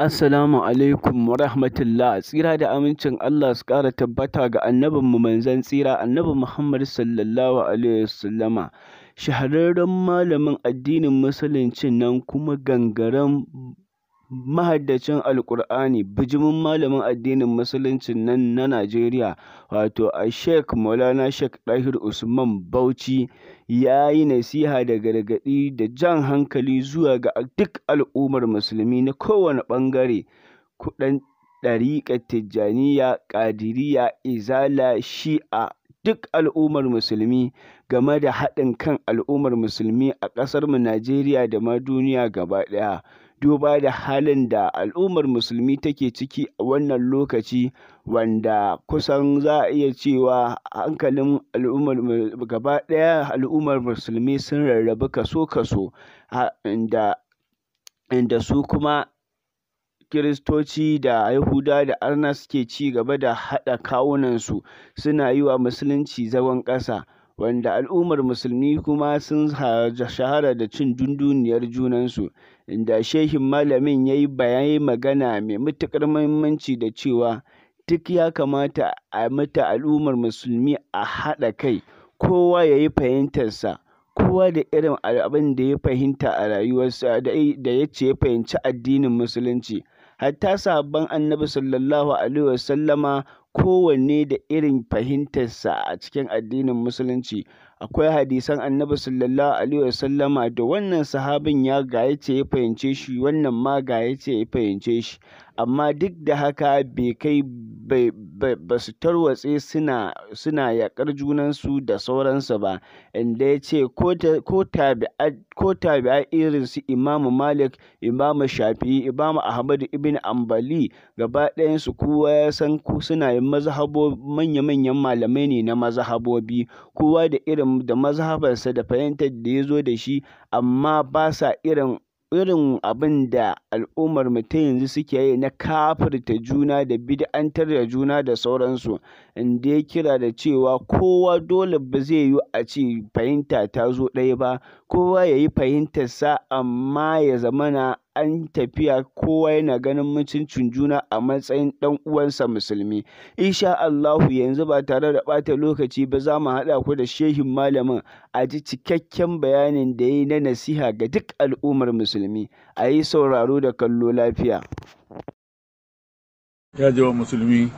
Assalamu alaikum wa rahmatullah tsira da amincin Allah su ƙara tabbata ga annabin mu manzan tsira annabin Muhammad sallallahu alaihi wasallama shahararren malamin addinin musulunci nan kuma gangaren mahaddacin Alƙur'ani bijimin malamin addinin musuluncin nan na Najeriya wato a Sheik Maulana Sheikh Ɗahir Usman Bauchi ya yi nasiha da gargaɗi da jan hankali zuwa ga duk al'ummar musulmi na kowane ɓangare kuɗan ɗariƙa Tijjaniya, ƙadiriya Izala, Shi'a duk al'ummar musulmi game da haɗin kan al'ummar musulmi a ƙasarmu Najeriya da ma duniya gaba ɗaya. duba da halin da al'ummar musulmi take ciki a wannan lokaci wanda kusan za a iya cewa hankalin al'ummar gaba ɗaya al'ummar musulmi sun rarrabu kaso-kaso inda su kuma Kiristoci da Yahuda da Arna suke ci gaba da haɗa kawunansu suna yi wa Musulunci zagon ƙasa. wanda al'ummar musulmi kuma sun shahara da cin dunduniyar junansu, inda shehin malamin ya yi magana mai matuƙar muhimmanci da cewa duk ya kamata a mata al'ummar musulmi a haɗa kai, kowa ya yi fahimtarsa. kowa da irin abin da ya fahimta a rayuwarsa da ya ce ya fahimci addinin musulunci hatta sahabban annabi sallallahu alaihi wasallama kowanne da irin fahimtarsa a cikin addinin Musulunci. Akwai hadisan Annabi Sallallahu alaihi wasallama da wannan sahabin ya ga ya fahimce shi, wannan ma ga ya fahimce shi. amma duk da haka bai kai ba su tarwatse suna yaƙar junansu da sauransu ba, inda ya ce ko tabi'a irin su Imamu Malik, Imamu Shafi'i, Imamu Ahmadu ibn Ambali gaba ɗayansu kowa ya san suna yin manya-manyan malamai ne na mazhabobi, kowa da irin da mazhabarsa da fahimtar da ya zo da shi, amma ba sa irin irin abin da al'ummar mu ta yanzu suke yi na kafirta juna da bid'antar da juna da sauransu, inda ya kira da cewa kowa dole ba zai yi a ce fahimta ta zo ɗaya ba, kowa ya yi fahimtarsa amma ya zamana an tafiya kowa yana ganin mutuncin juna a matsayin ɗan uwansa musulmi. Insha Allahu yanzu ba tare da bata lokaci ba za mu haɗa ku da shehin malamin a ji cikakken bayanin da yayi na nasiha ga duk al'ummar musulmi. A yi sauraro da kallo lafiya. Ya jawa musulmi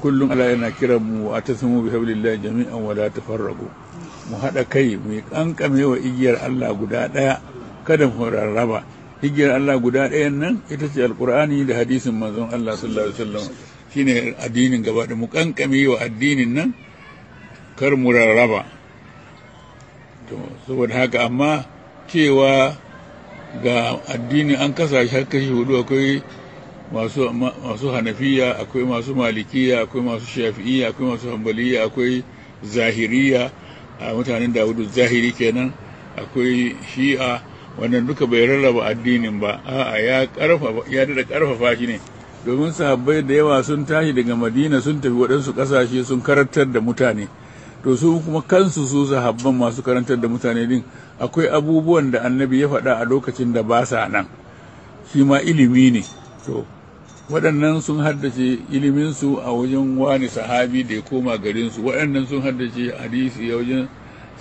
kullum Allah yana kiran mu a tasimu bi hablillahi jami'an la tafarraqu mu haɗa kai mu kankame wa igiyar Allah guda ɗaya kada mu rarraba hijiyar Allah guda ɗayan nan ita ce alkur'ani da hadisin manzon Allah sallallahu alaihi wasallam shine addinin gaba da mu kankame wa addinin nan kar mu rarraba to saboda haka amma cewa ga addini an kasa shi kashi hudu akwai masu masu hanafiya akwai masu malikiya akwai masu shafi'iya akwai masu hanbaliya akwai zahiriya a mutanen dawudu zahiri kenan akwai shi'a wannan duka bai rarraba addinin ba a'a ya karfafa ya shi ne domin sahabbai da yawa sun tashi daga madina sun tafi waɗansu ƙasashe sun karantar da mutane to su kuma kansu su sahabban masu karantar da mutane din akwai abubuwan da annabi ya faɗa a lokacin da ba sa nan shi ma ilimi ne to waɗannan sun haddace iliminsu a wajen wani sahabi da ya koma garinsu waɗannan sun haddace hadisi a wajen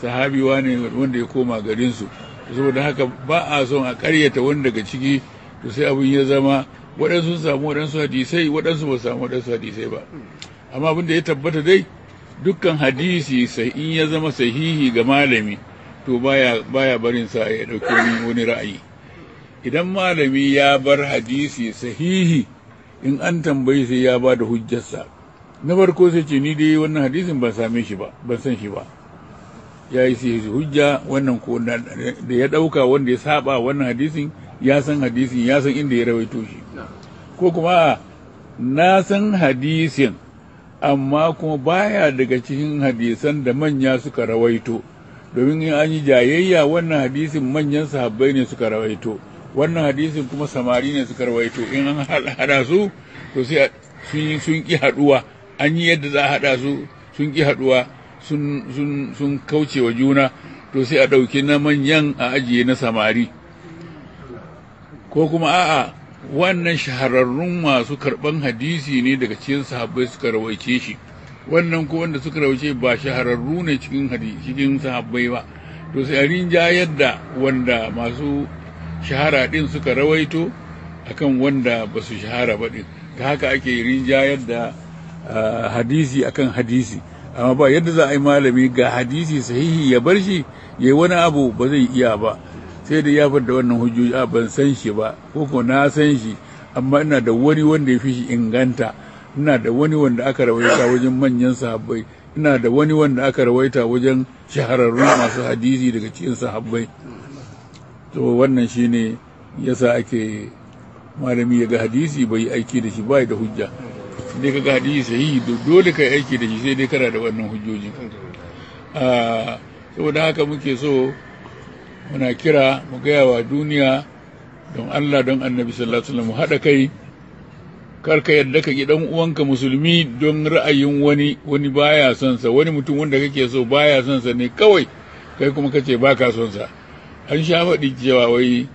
sahabi wani wanda ya koma garinsu saboda haka ba a son a karyata wani daga ciki to sai abin ya zama waɗansu samu waɗansu hadisai waɗansu ba samu waɗansu hadisai ba amma abin da ya tabbata dai dukkan hadisi sai in ya zama sahihi ga malami to baya baya barin sa ya ɗauki wani ra'ayi idan malami ya bar hadisi sahihi in an tambayi sai ya ba da hujjarsa na farko sai ce ni dai wannan hadisin ban same shi ba ban san shi ba ya yi shi hujja wannan ko da ya ɗauka wanda ya saba wannan hadisin ya san hadisin ya san inda ya rawaito shi ko kuma na san hadisin amma kuma baya daga cikin hadisan da manya suka rawaito domin in an yi jayayya wannan hadisin manyan sahabbai ne suka rawaito wannan hadisin kuma samari ne suka rawaito in an hada su to sai sun ƙi haɗuwa an yi yadda za a haɗa su sun ƙi haɗuwa sun kauce wa juna to sai a ɗauki na manyan a ajiye na samari ko kuma a'a wannan shahararrun masu karɓan hadisi ne daga cikin sahabbai suka rawaice shi wannan ko wanda suka rawaice ba shahararru ne cikin cikin sahabbai ba to sai a rinjayar da wanda masu shahara ɗin suka rawaito akan wanda ba su shahara ba ɗin ta haka ake rinjayar da ah, hadisi akan hadisi amma ba yadda za a yi malami ga hadisi sahihi ya bar shi ya yi wani abu ba zai iya ba sai da ya da wannan hujjoji a ban san shi ba koko na san shi amma ina da wani wanda ya fi shi inganta ina da wani wanda aka rawaita wajen manyan sahabbai ina da wani wanda aka rawaita wajen shahararrun masu hadisi daga cikin sahabbai to wannan shine yasa ake malami ya ga hadisi bai aiki da shi bai da hujja dai ka ga hadisi sahihi dole ka aiki da shi sai dai kana da wannan hujjoji ah, saboda haka muke so muna kira mu gaya wa duniya don Allah don annabi sallallahu alaihi wasallam haɗa kai kar ka yadda ka gidan uwanka musulmi don ra'ayin wani wani baya son sa wani mutum wanda kake so baya son sa ne kawai kai kuma kace baka son sa an sha faɗi cewa wai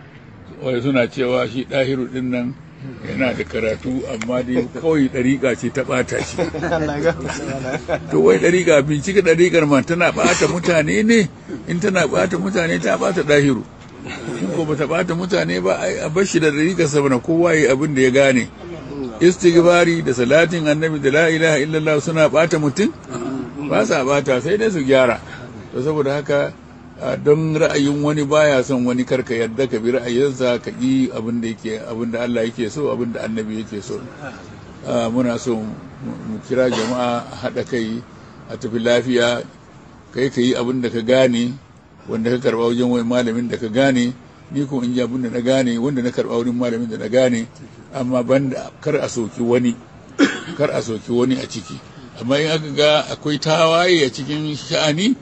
wai suna cewa shi ɗahiru ɗin nan yana da karatu amma dai kawai ɗariƙa ce ta ɓata shi to wai ɗariƙa bincika ɗariƙar ma tana ɓata mutane ne in tana ɓata mutane ta ɓata ɗahiru in ko bata ɓata mutane ba a bar shi da ɗariƙa sabana kowa yi abin da ya gane istighfari da salatin annabi da la ilaha illallah suna ɓata mutum ba sa ɓata sai dai su gyara to saboda haka don ra'ayin wani baya son wani karka yadda ka bi ra'ayinsa ka ƙi abin da yake abin da Allah yake so abin da annabi yake so muna so mu kira jama'a haɗa kai a tafi lafiya kai ka yi abin da ka gane wanda ka karɓa wajen wani malamin da ka gane ni ko in ji abin da na gane wanda na karɓa wurin malamin da na gane amma ban da kar a soki wani kar a soki wani a ciki amma in aka ga akwai tawaye a cikin sha'ani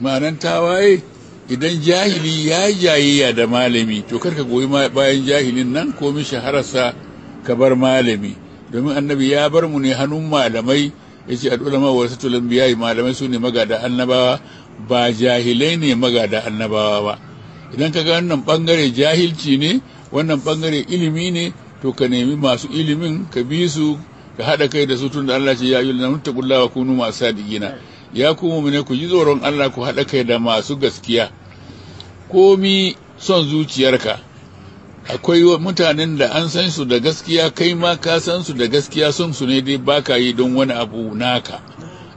ma'anan tawaye idan jahili ya jayayya da malami to karka goyi bayan jahilin nan komi shahararsa ka bar malami domin annabi ya bar mu ne hannun malamai ya ce al'ulama wa wasu tulambiyayi malamai su ne magada annabawa ba jahilai ne magada annabawa ba idan ka ga wannan bangare jahilci ne wannan bangare ilimi ne to ka nemi masu ilimin ka bi su ka haɗa kai da su tun da Allah ce ya yi lana kunu masu sadigina ya ku mu ne ku ji tsoron Allah ku haɗa kai da masu gaskiya komi son zuciyarka akwai mutanen da an san su da gaskiya kai ma ka san su da gaskiya son su ne dai baka yi don wani abu naka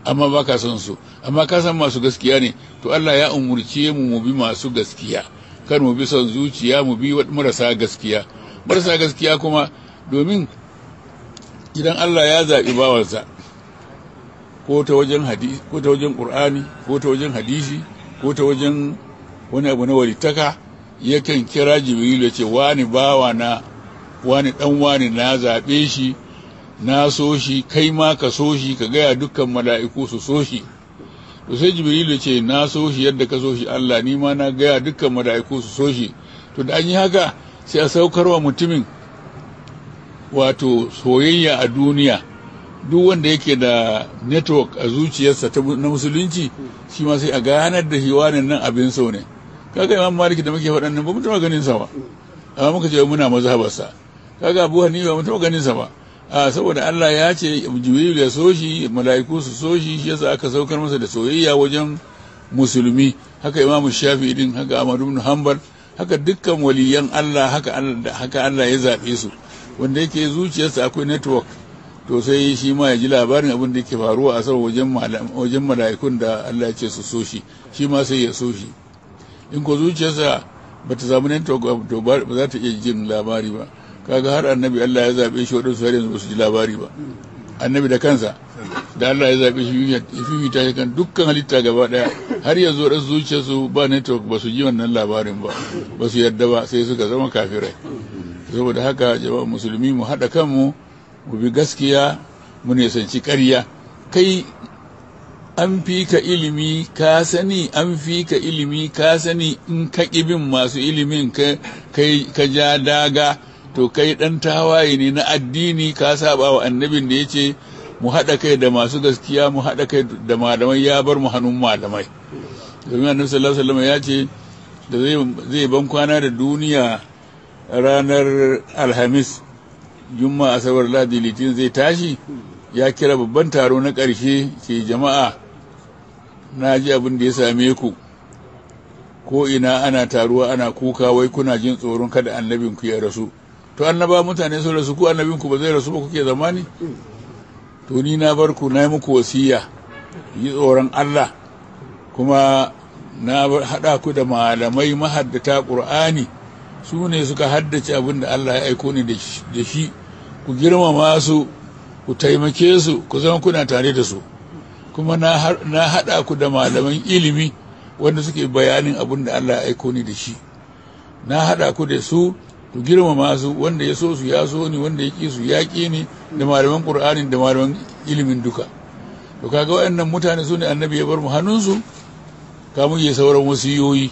amma baka son su amma ka san masu gaskiya ne to Allah ya umurce mu mu bi masu gaskiya kar mu bi son zuciya mu bi marasa gaskiya marasa gaskiya kuma domin idan Allah ya zaɓi bawansa ko ta wajen hadisi ko ta wajen qur'ani ko ta wajen hadisi ko ta wajen wani abu na walitaka yakan kira jibril ya ce wani bawa na wani dan wani na zabe shi na so shi kai ma ka so shi ka gaya dukkan mala'iku su so shi to sai jibrilu ce na so shi yadda ka so shi Allah ni ma na gaya dukkan mala'iku su so shi to da an yi haka sai a saukar wa mutumin wato soyayya a duniya duk wanda yake da network a zuciyarsa na musulunci shi ma sai a ganar da shi wani nan abin sau ne kaga imam maliki da muke faɗan nan ba mutum ganin sa ba amma muka ce muna mazhabarsa kaga abu hanifa ba mutum ganin sa ba a saboda Allah ya ce jibril ya so shi mala'iku su so shi shi yasa aka saukar masa da soyayya wajen musulmi haka imam shafi'i din haka amadu bin hanbal haka dukkan waliyan Allah haka Allah ya zabe su wanda yake zuciyarsa akwai network to sai shi ma ya ji labarin abin da yake faruwa a sama wajen mala'ikun da Allah ya ce su so shi shi ma sai ya so shi in ko zuciyarsa ba ta samu nan to ba za ta iya jin labari ba kaga har annabi Allah ya zabe shi wadansu har yanzu ba su ji labari ba annabi da kansa da Allah ya zabe shi ya fifita shi kan dukkan halitta gaba daya har yanzu wadansu zuciyarsu ba network ba su ji wannan labarin ba ba su yarda ba sai suka zama kafirai saboda haka jama'a musulmi mu haɗa kanmu Ku bi gaskiya mu sanci ƙarya kai an fi ka ilimi ka sani an fi ka ilimi ka sani in ka bin masu ilimin ka ja daga to kai ɗan tawaye ne na addini ka saba wa annabin da ya ce mu haɗa kai da masu gaskiya mu haɗa kai da malamai ya bar mu hannun malamai domin annabi sallallahu alaihi ya ce da zai ban kwana da duniya ranar alhamis juma asabar ladi litin zai tashi ya kira babban taro na ƙarshe ke jama'a na ji abin da ya same ku ko ina ana taruwa ana kuka wai kuna jin tsoron kada annabinku ya rasu to annaba mutane sun rasu ku annabinku ba zai rasu ba kuke zamani to ni na bar ku na yi muku wasiya yi tsoron Allah kuma na haɗa ku da malamai mahaddata ƙur'ani su ne suka haddace abin da Allah ya aiko ni da shi ku girmama su ku taimake su ku zama kuna tare da su kuma na haɗa ku da malaman ilimi wanda suke bayanin abin da Allah ya aiko ni da shi na haɗa ku da su ku girmama su wanda ya so su ya so ni wanda ya ƙi su ya ƙi ni da malaman ƙur'anin da malaman ilimin duka to kaga waɗannan mutane su ne annabi ya bar mu hannunsu kamun ya sauran wasiyoyi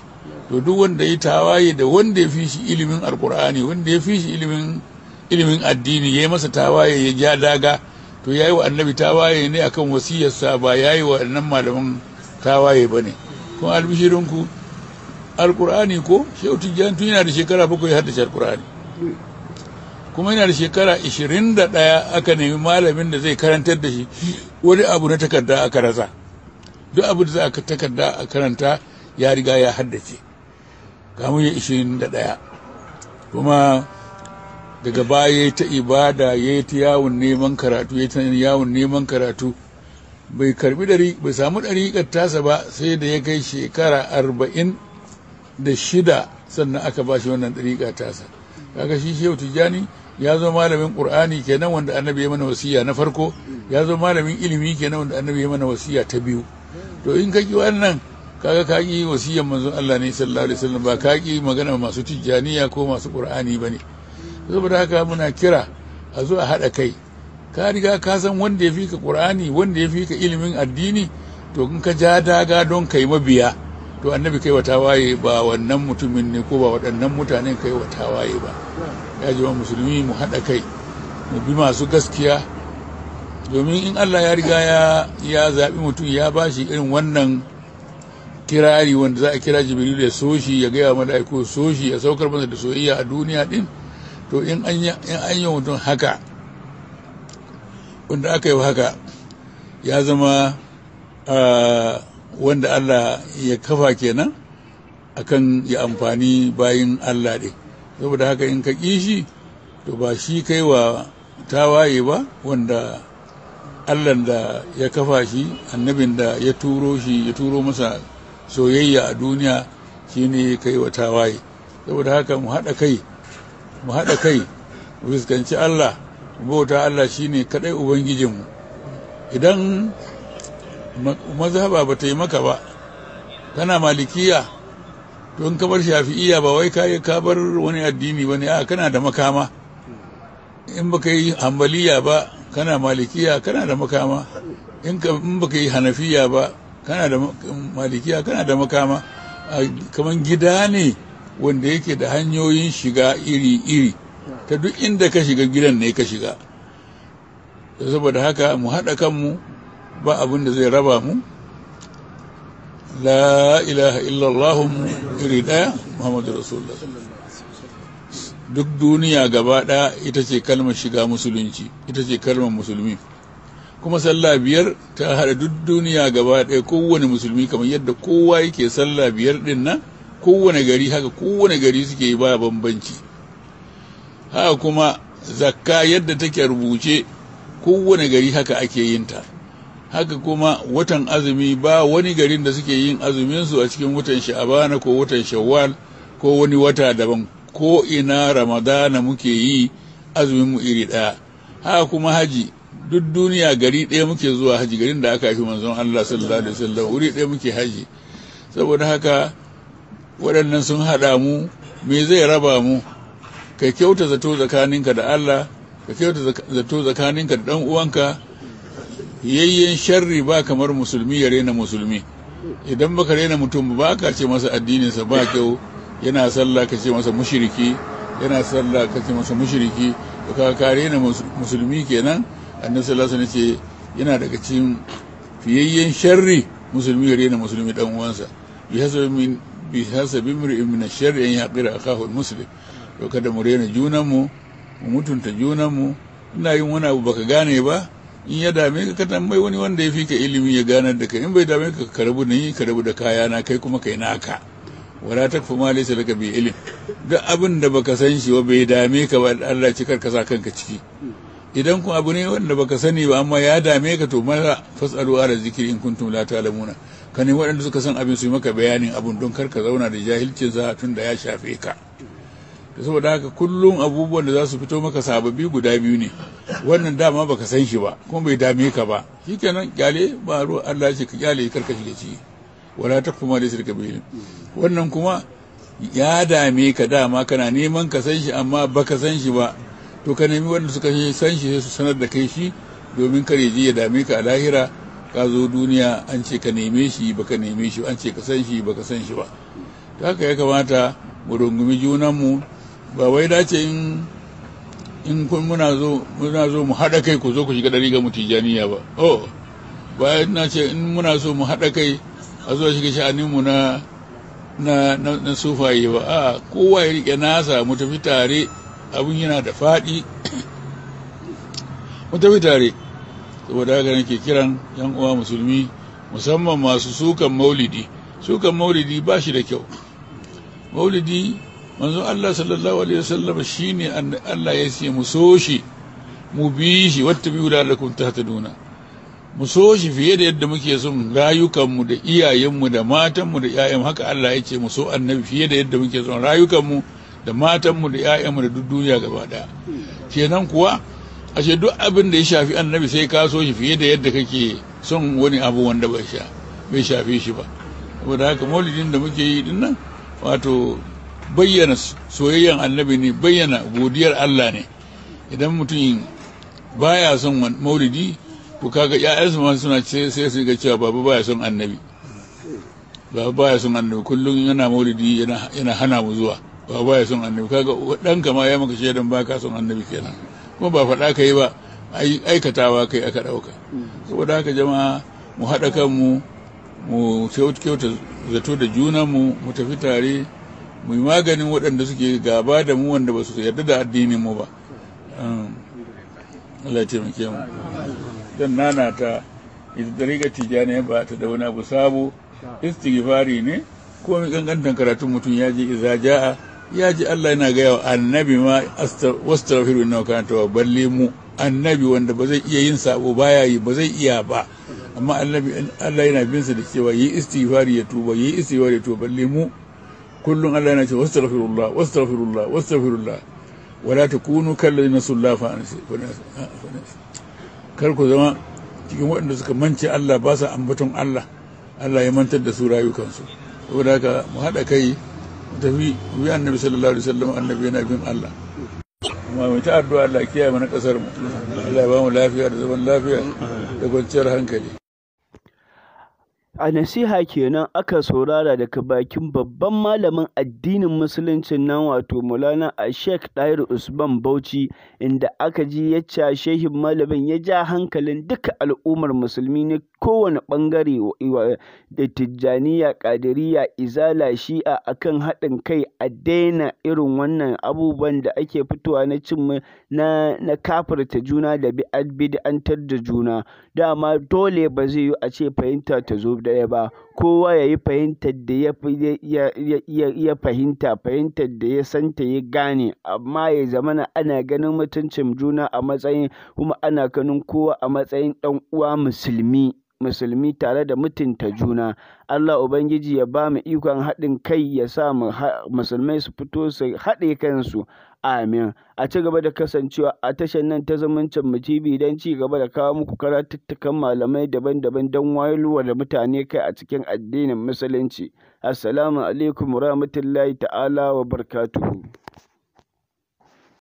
to duk wanda ya tawaye da wanda ya fi shi ilimin alƙur'ani wanda ya fi shi ilimin ilimin addini ya yi masa tawaye ya ja daga to ya yi wa annabi tawaye ne akan wasiyarsa ba ya yi wa nan malaman tawaye ba ne kuma albishirinku alkur'ani ko shehu tijjani tun yana da shekara bakwai haddace alkur'ani kuma yana da shekara 21 aka nemi malamin da zai karantar da shi wani abu na takarda aka rasa duk abu da za a takarda a karanta ya riga ya haddace kamun ya 21 kuma daga baya ta ibada ya yi ta yawon neman karatu ya ta yawon neman karatu bai karbi dari bai samu dariƙar tasa ba sai da ya kai shekara arba'in da shida sannan aka ba shi wannan dariƙa tasa kaga shi shehu tijjani ya zo malamin qur'ani kenan wanda annabi ya mana wasiya na farko ya zo malamin ilimi kenan wanda annabi ya mana wasiya ta biyu to in kaki wannan kaga kaki wasiyar manzon Allah ne sallallahu alaihi wasallam ba kaki magana masu tijjaniya ko masu qur'ani ne? saboda haka muna kira a zuwa haɗa kai ka riga ka san wanda ya fi ka ƙur'ani wanda ya fi ka ilimin addini to in ka ja daga don kai mabiya to annabi kai wata waye ba wannan mutumin ne ko ba waɗannan mutanen kai wata waye ba ya ji musulmi mu haɗa kai mu bi masu gaskiya domin in allah ya riga ya zaɓi mutum ya ba shi irin wannan kirari wanda za a kira jibril ya soshi ya gaya mala'iku soshi ya saukar masa da soyayya a duniya din to in an yi mutum haka wanda aka yi haka ya zama wanda allah ya kafa kenan akan ya amfani bayan allah ɗin saboda haka in ka ƙi shi to ba shi kai wa tawaye ba wanda allan da ya kafa shi annabin da ya turo shi ya turo masa soyayya a duniya shine kai wa tawaye saboda haka mu haɗa kai mu haɗa kai mu fuskanci Allah bauta Allah shine kadai ubangijinmu idan mazhaba ba ta yi maka ba kana malikiya to in ka shafi'iya ba wai kai ka bar wani addini ba a kana da makama in baka yi hambaliya ba kana malikiya kana da makama in baka yi hanafiya ba kana da malikiya kana da makama kamar gida ne wanda yake da hanyoyin shiga iri-iri ta duk inda ka shiga gidan ne ka shiga saboda haka mu haɗa kanmu ba abin da zai raba mu la ilaha illallah mu iri ɗaya muhammadu rasulullah duk duniya gaba ɗaya ita ce kalmar shiga musulunci ita ce kalmar musulmi kuma sallah biyar ta haɗa duk duniya gaba ɗaya kowane musulmi kamar yadda kowa yake sallah biyar ɗin nan kowane gari haka kowane gari suke ba bambanci haka kuma zakka yadda take rubuce kowane gari haka ake yin ta haka kuma watan azumi ba wani garin da suke yin azuminsu a cikin watan sha'abana ko watan shawwal ko wani wata daban ko ina ramadana muke yi azumin mu iri ɗaya haka kuma haji duk duniya gari ɗaya muke zuwa haji garin da aka haifi manzon Allah sallallahu alaihi wasallam wuri ɗaya muke haji saboda haka waɗannan sun haɗa mu me zai raba mu ka kyauta zato tsakaninka da Allah ka kyauta zato tsakaninka da ɗan uwanka yayyen sharri ba kamar musulmi ya rena musulmi idan baka rena mutum ba ka ce masa addininsa ba kyau yana sallah ka ce masa mushriki yana sallah ka ce masa mushriki to ka ka rena musulmi kenan annabi sallallahu alaihi wasallam ce yana daga cikin fiyayyen sharri musulmi ya rena musulmi dan uwansa bi hasabi bi sasa bimri ibn sharri an yaqira akahu muslim to kada mu rena junan mu mu mutunta junan mu ina yin wani abu baka gane ba in ya dame ka mai wani wanda ya fi ka ilimi ya ganar da ka in bai dame ka ka rabu ni ka rabu da kaya na kai kuma kai naka wala takfu ma laysa laka bi ilim duk abin da baka san shi ba bai dame ka ba Allah ci kar sa kanka ciki idan kun abu ne wanda baka sani ba amma ya dame ka to mala fasalu ala zikri in kuntum la ta'lamuna ka ne waɗanda suka san abin su yi maka bayanin abin don kar ka zauna da jahilcin za tun da ya shafe ka da saboda haka kullum abubuwan da za su fito maka sababi guda biyu ne wannan dama baka san shi ba kuma bai dame ka ba shikenan kyale ba ruwa Allah ce ka kyale karka shiga ciki wala ta kuma da shirka wannan kuma ya dame ka dama kana neman ka san shi amma baka san shi ba to ka nemi wanda suka san shi sai su sanar da kai shi domin kare ji ya dame ka a lahira ka zo duniya an ce ka neme shi baka neme shi an ce ka san shi baka san shi ba ta haka ya kamata mu rungumi junanmu ba wai dace in in kun muna zo muna zo mu haɗa kai ku zo ku shiga ɗari ga mutijaniya ba oh ba na ce in muna so mu haɗa kai a zo shiga sha'aninmu na na na sufaye ba a kowa ya rike nasa mu tafi tare abin yana da faɗi mu tafi tare saboda haka nake kiran yan uwa musulmi musamman masu sukan maulidi sukan maulidi ba shi da kyau maulidi manzon Allah sallallahu alaihi wasallam shine Allah ya ce mu so shi mu bi shi wata biyu da ta tahtaduna mu so shi fiye da yadda muke son rayukanmu da iyayenmu da matanmu da ƴaƴanmu haka Allah ya ce mu so annabi fiye da yadda muke son rayukanmu da matanmu da ƴaƴanmu da duk duniya gaba ɗaya kenan kuwa ashe duk abin da ya shafi annabi sai ka so shi fiye da yadda kake son wani abu wanda bai sha bai shafi shi ba saboda haka maulidin da muke yi dinnan wato bayyana soyayyan annabi ne bayyana godiyar Allah ne idan mutum baya son maulidi to kaga ƴaƴansu ma suna ce sai su ga cewa baba baya son annabi baba baya son annabi kullum yana maulidi yana hana mu zuwa baba baya son annabi kaga ɗanka ma ya maka shaidan baka son annabi kenan kuma ba faɗa ka yi ba aikatawa kai aka ɗauka saboda haka jama'a mu haɗa kanmu mu kyauta zato da juna mu tafi tare mu yi maganin waɗanda suke gaba da mu wanda ba su yarda da addinin mu ba Allah ya taimake mu dan nana ta ita dariga tijani ba ta da wani abu sabo istighfari ne ko mai kankantan karatun mutum ya je iza ya ji Allah yana gaya wa annabi ma wastaghfiru innahu kana tawwab balle mu annabi wanda ba zai iya yin sabo baya yi ba zai iya ba amma annabi Allah yana bin sa da cewa yi istighfari ya tuba yi istighfari ya tuba balle mu kullum Allah yana cewa wastaghfirullah wastaghfirullah wastaghfirullah wala takunu kallazina sulla fa kar ku zama cikin waɗanda suka mance Allah ba sa ambaton Allah Allah ya mantar da su rayukansu saboda haka mu haɗa kai tafi bi annabi sallallahu alaihi wasallam annabi yana bin Allah kuma mai ta addu'a Allah kiyaye mana kasar mu Allah ya ba mu lafiya da zaman lafiya da kwanciyar hankali a nasiha kenan aka saurara daga bakin babban malamin addinin musulunci nan wato mulana a sheik ɗahir usman bauchi inda aka ji yacca shehin malamin ya ja hankalin duka al'ummar musulmi kowane ɓangare da Tijjaniya, Ƙadiriyya, Izala, Shi'a akan haɗin kai a daina irin wannan abubuwan da ake fitowa na kafirta juna da bid'antar da juna, dama dole ba zai yiwu a ce fahimta ta zo ɗaya ba, kowa ya yi fahimtar da ya fahimta, fahimtar da ya santa ya gane, amma ya zamana ana ganin mutuncin juna a matsayin kuma ana ganin kowa a matsayin ɗan uwa Musulmi. musulmi tare da mutunta juna Allah ubangiji ya ba mu ikon haɗin kai ya sa musulmai su fito su haɗe kansu amin a ci gaba da kasancewa a tashar nan ta zamancin mu TV don ci gaba da kawo muku karatuttukan malamai daban-daban don wayarwa da mutane kai a cikin addinin musulunci assalamu alaikum rahmatullahi ta'ala wa barkatuhu